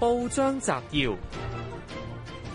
報章摘要：《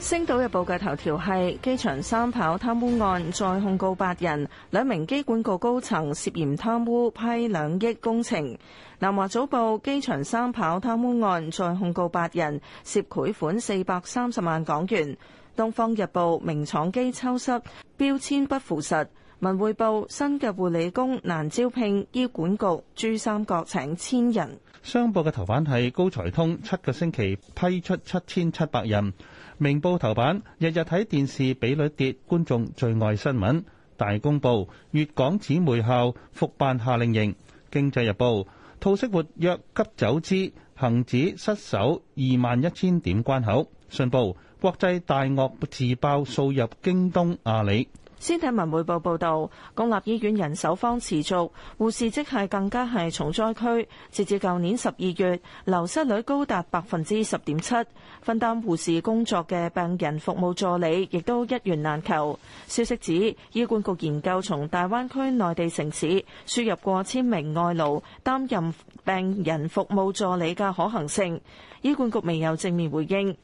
星島日報》嘅頭條係機場三跑貪污案再控告八人，兩名機管局高層涉嫌貪污批兩億工程。《南華早報》機場三跑貪污案再控告八人，涉賄款四百三十萬港元。《東方日報》名廠機抽濕標籤不符實。文匯報：新嘅護理工難招聘，醫管局珠三角請千人。商報嘅頭版係高才通七個星期批出七千七百人。明報頭版，日日睇電視比率跌，觀眾最愛新聞。大公報：粵港姊妹校復辦夏令營。經濟日報：套息活躍急走資，恒指失守二萬一千點關口。信報：國際大鱷自爆掃入京東、阿里。先睇文匯報報道，公立醫院人手荒持續，護士職系更加係重災區。截至舊年十二月，流失率高達百分之十點七。分擔護士工作嘅病人服務助理，亦都一員難求。消息指，醫管局研究從大灣區內地城市輸入過千名外勞擔任病人服務助理嘅可行性。醫管局未有正面回應。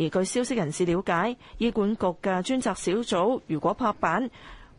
而據消息人士了解，醫管局嘅專責小組如果拍板，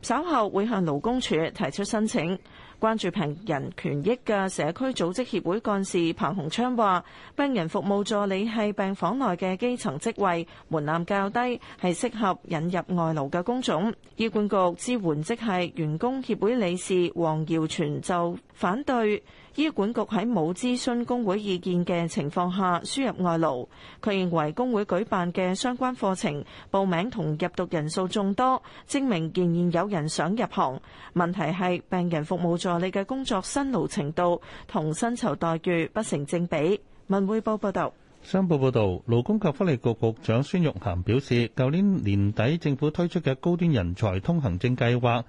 稍後會向勞工處提出申請。關注病人權益嘅社區組織協會幹事彭洪昌話：病人服務助理係病房內嘅基層職位，門檻較低，係適合引入外勞嘅工種。醫管局支援職系員工協會理事黃耀全就反對醫管局喺冇諮詢工會意見嘅情況下輸入外勞，佢認為工會舉辦嘅相關課程報名同入讀人數眾多，證明仍然有人想入行。問題係病人服務助理嘅工作辛勞程度同薪酬待遇不成正比。文匯報報道，商報報道，勞工及福利局局長孫玉菡表示，舊年年底政府推出嘅高端人才通行證計劃。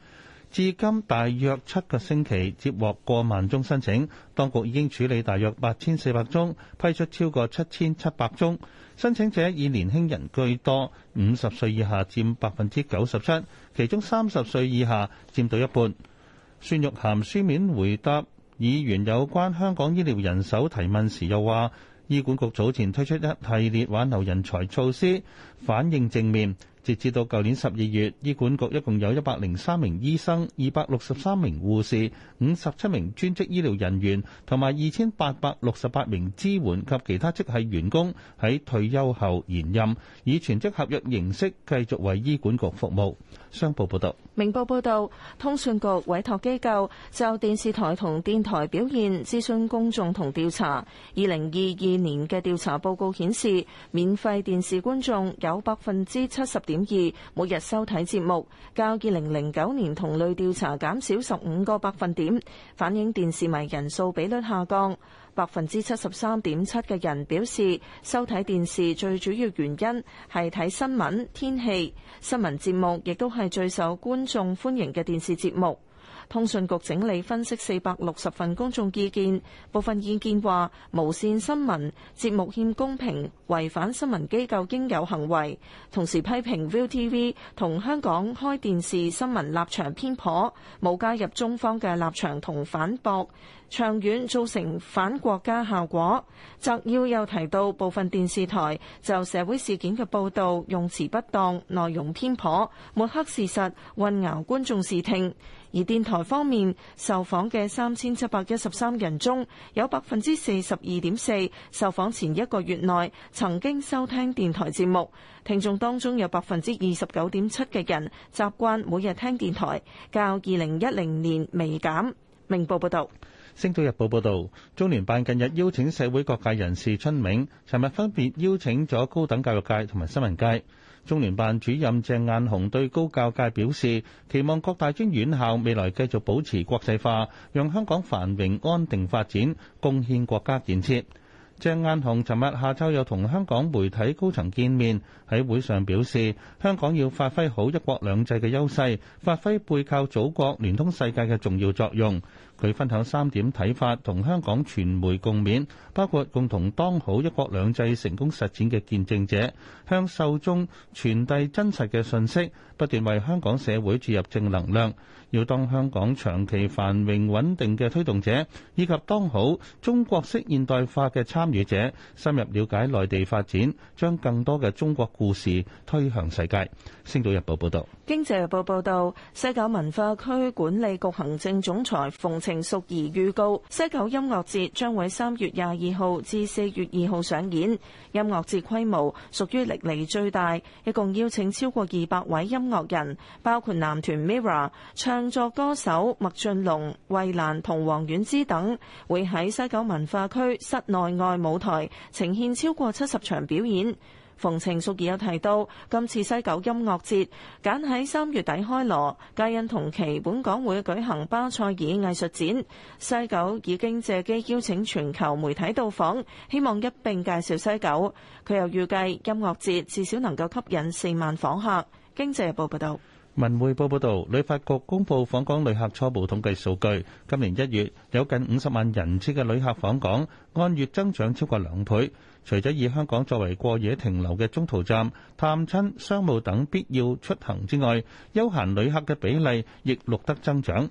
至今大約七個星期接獲過萬宗申請，當局已經處理大約八千四百宗，批出超過七千七百宗。申請者以年輕人居多，五十歲以下佔百分之九十七，其中三十歲以下佔到一半。孫玉菡書面回答議員有關香港醫療人手提問時又，又話醫管局早前推出一系列挽留人才措施，反應正面。截至到舊年十二月，醫管局一共有一百零三名醫生、二百六十三名護士、五十七名專職醫療人員同埋二千八百六十八名支援及其他職系員工喺退休後延任，以全職合約形式繼續為醫管局服務。商報報道。明報報道，通訊局委託機構就電視台同電台表現諮詢公眾同調查。二零二二年嘅調查報告顯示，免費電視觀眾有百分之七十點二每日收睇節目較二零零九年同類調查減少十五個百分點，反映電視迷人數比率下降。百分之七十三點七嘅人表示，收睇電視最主要原因係睇新聞、天氣，新聞節目亦都係最受觀眾歡迎嘅電視節目。通訊局整理分析四百六十份公眾意見，部分意見話無綫新聞節目欠公平，違反新聞機構應有行為，同時批評 ViuTV 同香港開電視新聞立場偏頗，冇加入中方嘅立場同反駁，長遠造成反國家效果。摘要又提到部分電視台就社會事件嘅報道用詞不當，內容偏頗，抹黑事實，混淆觀眾視聽。而電台方面，受訪嘅三千七百一十三人中有，有百分之四十二點四受訪前一個月內曾經收聽電台節目。聽眾當中有百分之二十九點七嘅人習慣每日聽電台，較二零一零年微減。明報報道。《星島日報》報道，中聯辦近日邀請社會各界人士春茗，尋日分別邀請咗高等教育界同埋新聞界。中聯辦主任鄭雁雄對高教界表示，期望各大專院校未來繼續保持國際化，讓香港繁榮安定發展，貢獻國家建設。鄭雁雄尋日下晝又同香港媒體高層見面，喺會上表示，香港要發揮好一國兩制嘅優勢，發揮背靠祖國、聯通世界嘅重要作用。佢分享三點睇法，同香港傳媒共勉，包括共同當好一國兩制成功實踐嘅見證者，向受眾傳遞真實嘅信息，不斷為香港社會注入正能量，要當香港長期繁榮穩定嘅推動者，以及當好中國式現代化嘅參與者，深入了解內地發展，將更多嘅中國故事推向世界。《星島日報》報導。《經濟日報》報導，西九文化區管理局行政總裁馮程淑儀預告，西九音樂節將會三月廿二號至四月二號上演。音樂節規模屬於歷嚟最大，一共邀請超過二百位音樂人，包括男團 Mirror、唱作歌手麥浚龍、衞蘭同黃婉之等，會喺西九文化區室內外舞台呈現超過七十場表演。馮程淑儀有提到，今次西九音樂節揀喺三月底開鑼，皆因同期本港會舉行巴塞爾藝術展。西九已經借機邀請全球媒體到訪，希望一並介紹西九。佢又預計音樂節至少能夠吸引四萬訪客。經濟日報報道。文匯報報道，旅發局公布訪港旅客初步統計數據，今年一月，有近五十萬人次嘅旅客訪港，按月增長超過兩倍。除咗以香港作為過夜停留嘅中途站，探親、商務等必要出行之外，休閒旅客嘅比例亦錄得增長。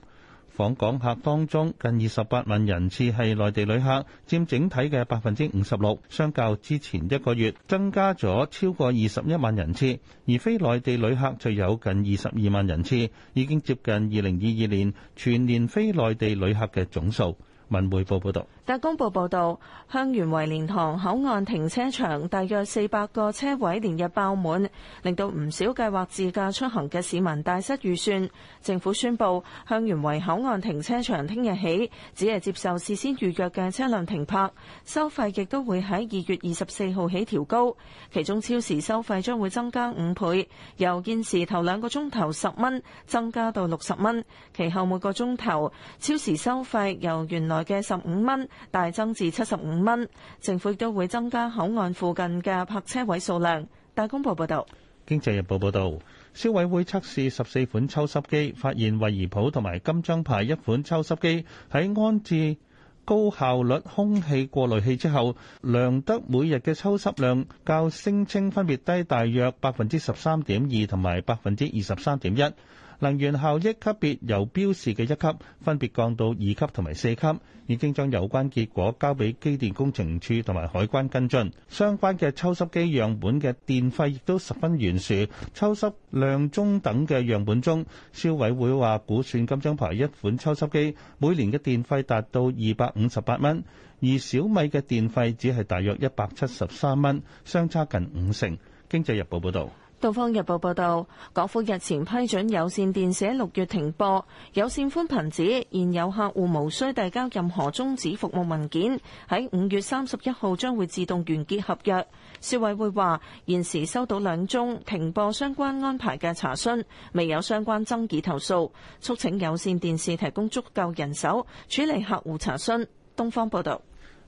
訪港客當中，近二十八萬人次係內地旅客，佔整體嘅百分之五十六，相較之前一個月增加咗超過二十一萬人次；而非內地旅客就有近二十二萬人次，已經接近二零二二年全年非內地旅客嘅總數。文匯報報道。《公報》報道，香園圍蓮塘口岸停車場大約四百個車位連日爆滿，令到唔少計劃自駕出行嘅市民大失預算。政府宣布，香園圍口岸停車場聽日起只係接受事先預約嘅車輛停泊，收費亦都會喺二月二十四號起調高，其中超時收費將會增加五倍，由現時頭兩個鐘頭十蚊增加到六十蚊，其後每個鐘頭超時收費由原來嘅十五蚊，大增至七十五蚊，政府亦都會增加口岸附近嘅泊車位數量。大公報報道，經濟日報報道，消委會測試十四款抽濕機，發現惠而浦同埋金章牌一款抽濕機喺安置高效率空氣過濾器之後，量得每日嘅抽濕量較聲稱分別低大約百分之十三點二同埋百分之二十三點一。能源效益級別由標示嘅一級分別降到二級同埋四級，已經將有關結果交俾機電工程署同埋海關跟進。相關嘅抽濕機樣本嘅電費亦都十分懸殊。抽濕量中等嘅樣本中，消委會話估算金張牌一款抽濕機每年嘅電費達到二百五十八蚊，而小米嘅電費只係大約一百七十三蚊，相差近五成。經濟日報報導。《東方日報》報道，港府日前批准有線電視喺六月停播有線寬頻，指現有客戶無需遞交任何終止服務文件，喺五月三十一號將會自動完結合約。消委會話，現時收到兩宗停播相關安排嘅查詢，未有相關爭議投訴，促請有線電視提供足夠人手處理客戶查詢。東方報道，《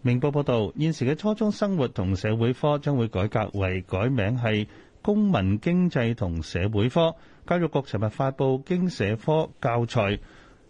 明報》報道，現時嘅初中生活同社會科將會改革為改名係。公民經濟同社會科，教育局尋日發布經社科教材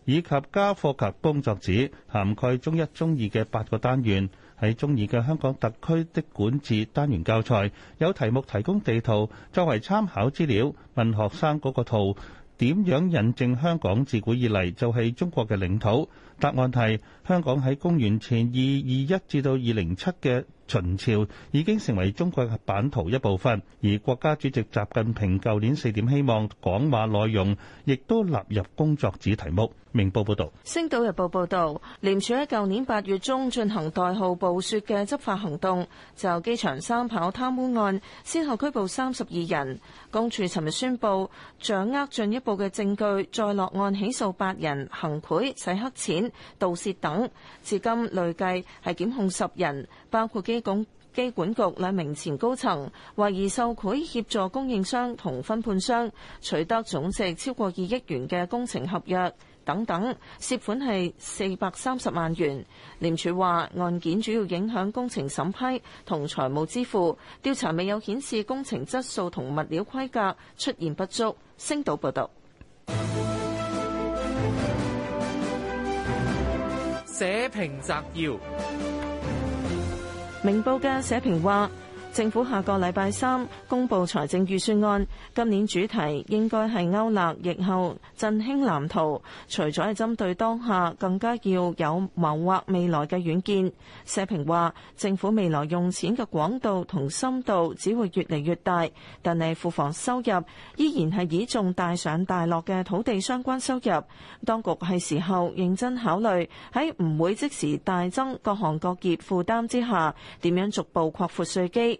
以及家課及工作紙，涵蓋中一、中二嘅八個單元。喺中二嘅香港特區的管治單元教材，有題目提供地圖作為參考資料，問學生嗰個圖點樣引證香港自古以嚟就係中國嘅領土。答案係香港喺公元前二二一至到二零七嘅秦朝已經成為中國版圖一部分，而國家主席習近平舊年四點希望講話內容，亦都納入工作紙題目。明報報導，《星島日報》報導，廉署喺舊年八月中進行代號「暴雪」嘅執法行動，就機場三跑貪污案，先後拘捕三十二人。公署尋日宣布，掌握進一步嘅證據，再落案起訴八人，行賄、洗黑錢、盜竊等。至今累計係檢控十人，包括。機管機管局兩名前高層，懷疑受賄，協助供應商同分判商取得總值超過二億元嘅工程合約等等，涉款，係四百三十萬元。廉署話案件主要影響工程審批同財務支付，調查未有顯示工程質素同物料規格出現不足。星島報道。社評摘要。明報嘅社評話。政府下個禮拜三公布財政預算案，今年主題應該係勾勒疫後振興藍圖。除咗係針對當下，更加要有謀劃未來嘅遠見。社評話，政府未來用錢嘅廣度同深度只會越嚟越大，但係庫房收入依然係倚重大上大落嘅土地相關收入。當局係時候認真考慮喺唔會即時大增各行各業負擔之下，點樣逐步擴闊稅基。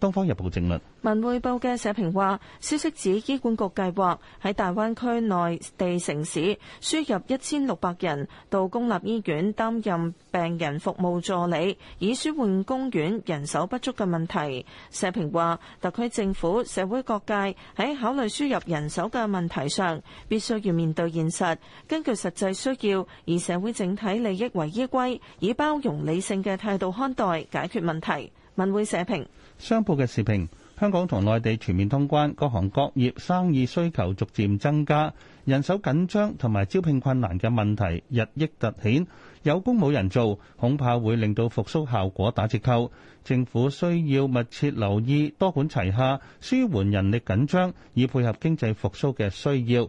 《東方日報》政論文匯報嘅社評話：消息指醫管局計劃喺大灣區內地城市輸入一千六百人到公立醫院擔任病人服務助理，以舒緩公院人手不足嘅問題。社評話：特區政府社會各界喺考慮輸入人手嘅問題上，必須要面對現實，根據實際需要，以社會整體利益為依歸，以包容理性嘅態度看待解決問題。文匯社評。商報嘅時評，香港同內地全面通關，各行各業生意需求逐漸增加，人手緊張同埋招聘困難嘅問題日益突顯，有工冇人做，恐怕會令到復甦效果打折扣。政府需要密切留意，多管齊下，舒緩人力緊張，以配合經濟復甦嘅需要，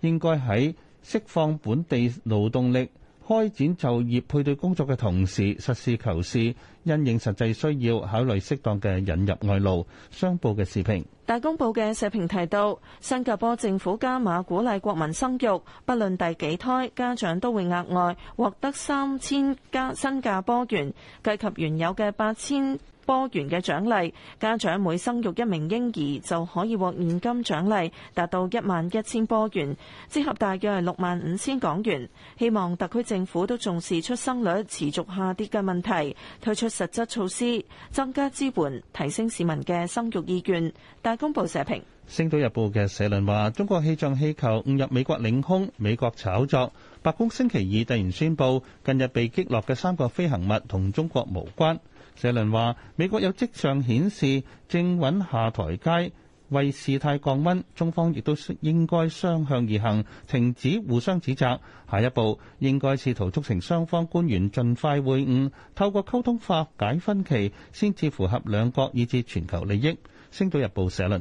應該喺釋放本地勞動力，開展就業配對工作嘅同時，實事求是、因應實際需要，考慮適當嘅引入外勞、商報嘅視頻。大公報嘅社評提到，新加坡政府加碼鼓勵國民生育，不論第幾胎，家長都會額外獲得三千加新加坡元，計及原有嘅八千。波元嘅獎勵，家長每生育一名嬰兒就可以獲現金獎勵達到一萬一千波元，折合大約六萬五千港元。希望特區政府都重視出生率持續下跌嘅問題，推出實質措施，增加支援，提升市民嘅生育意願。大公報社評。星島日報嘅社論話，中國氣象氣球誤入美國領空，美國炒作。白宮星期二突然宣布，近日被擊落嘅三個飛行物同中國無關。社論話：美國有跡象顯示正搵下台階，為事態降溫。中方亦都應該雙向而行，停止互相指責。下一步應該試圖促成雙方官員盡快會晤，透過溝通化解分歧，先至符合兩國以至全球利益。星島日報社論。